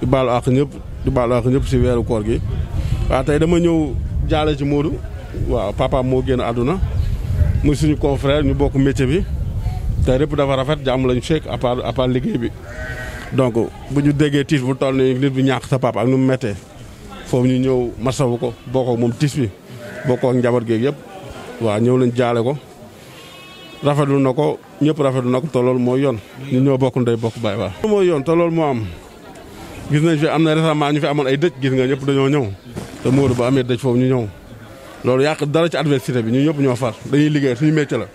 di baalu àq ñëpp di baalu àq ñëpp si weeru koor gi waaw tey dama ñëw jaale ci Modou waaw papa moo génn àdduna muy suñu confrère ñu bokk métier bi tey lépp dafa rafet jàmm lañu fekk à part à bi donc bu ñu déggee tiis bu toll nii nit bu ñàkk sa papa ak nu mu méttee foofu ñu ñëw masawu ko bokkoo moom tiis bi bokkoo njaboot geeg yëpp waaw ñëw lañ jaale ko rafetu na ko ñëpp rafetlu na ko te loolu mooy yoon. ñu ñoo bokku ndey bokk baay waaw. loolu gis nañ fi am na récemment ñu fi amoon ay dëj gis nga ñëpp dañoo ñëw te Modou ba amee dëj foofu ñu ñëw loolu yàq dara ci adversité bi ñu ñëpp ñoo far dañuy liggéey suñu métier la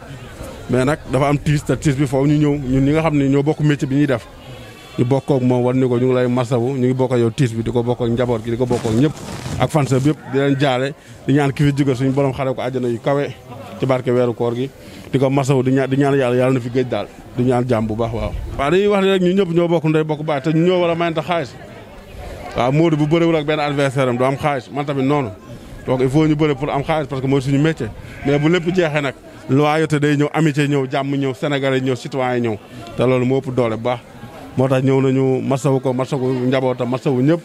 mais nag dafa am tiis te tiis bi foofu ñu ñëw ñun ñi nga xam ne ñoo bokk métier bi ñuy def ñu bokk ak moom war ni ko ñu ngi lay masawu ñu ngi bokk ak yow tiis bi di ko bokk ak njaboot gi di ko bokk ak ñëpp ak fansa bi yëpp di leen jaale di ñaan ki fi jóge suñu borom xare ko àjjana yu kawe ci barke weeru koor gi di ko masaw di ñaan di ñaan yàlla yàlla na fi géej daal di ñaan jàmm bu baax waaw waaw dañuy wax ne rek ñu ñëpp ñoo bokk ndey bokk baay te ñu ñoo war a mayante xaalis waaw Modou bu bëriwul ak benn adversaire am du am xaalis man tamit noonu donc il faut ñu bëri pour am xaalis parce que mooy suñu métier mais bu lépp jeexee nag loyauté day ñëw amitié ñëw jàmm ñëw sénégalais ñëw citoyen ñëw te loolu moo ëpp doole bu baax moo tax ñëw nañu masawu ko masawu njabootam masawu ñëpp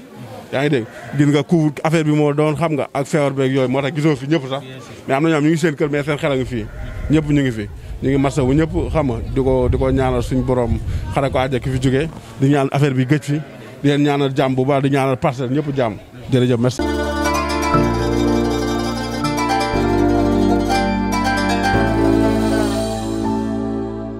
yaa ngi dégg gis nga couvre affaire bi moo doon xam nga ak feebar beeg yooyu moo tax gisoo fi ñëpp sax mais am na ñoo ñu ngi seen kër mais seen xel a fii ñëpp ñu ngi fi ñu ngi marsa bu ñëpp xam nga di ko di ko ñaanal suñu borom xare ko àjja ki fi jógee di ñaan affaire bi gëj fi di leen ñaanal jàmm bu baax di ñaanal parcelle ñëpp jàmm jërëjëf merci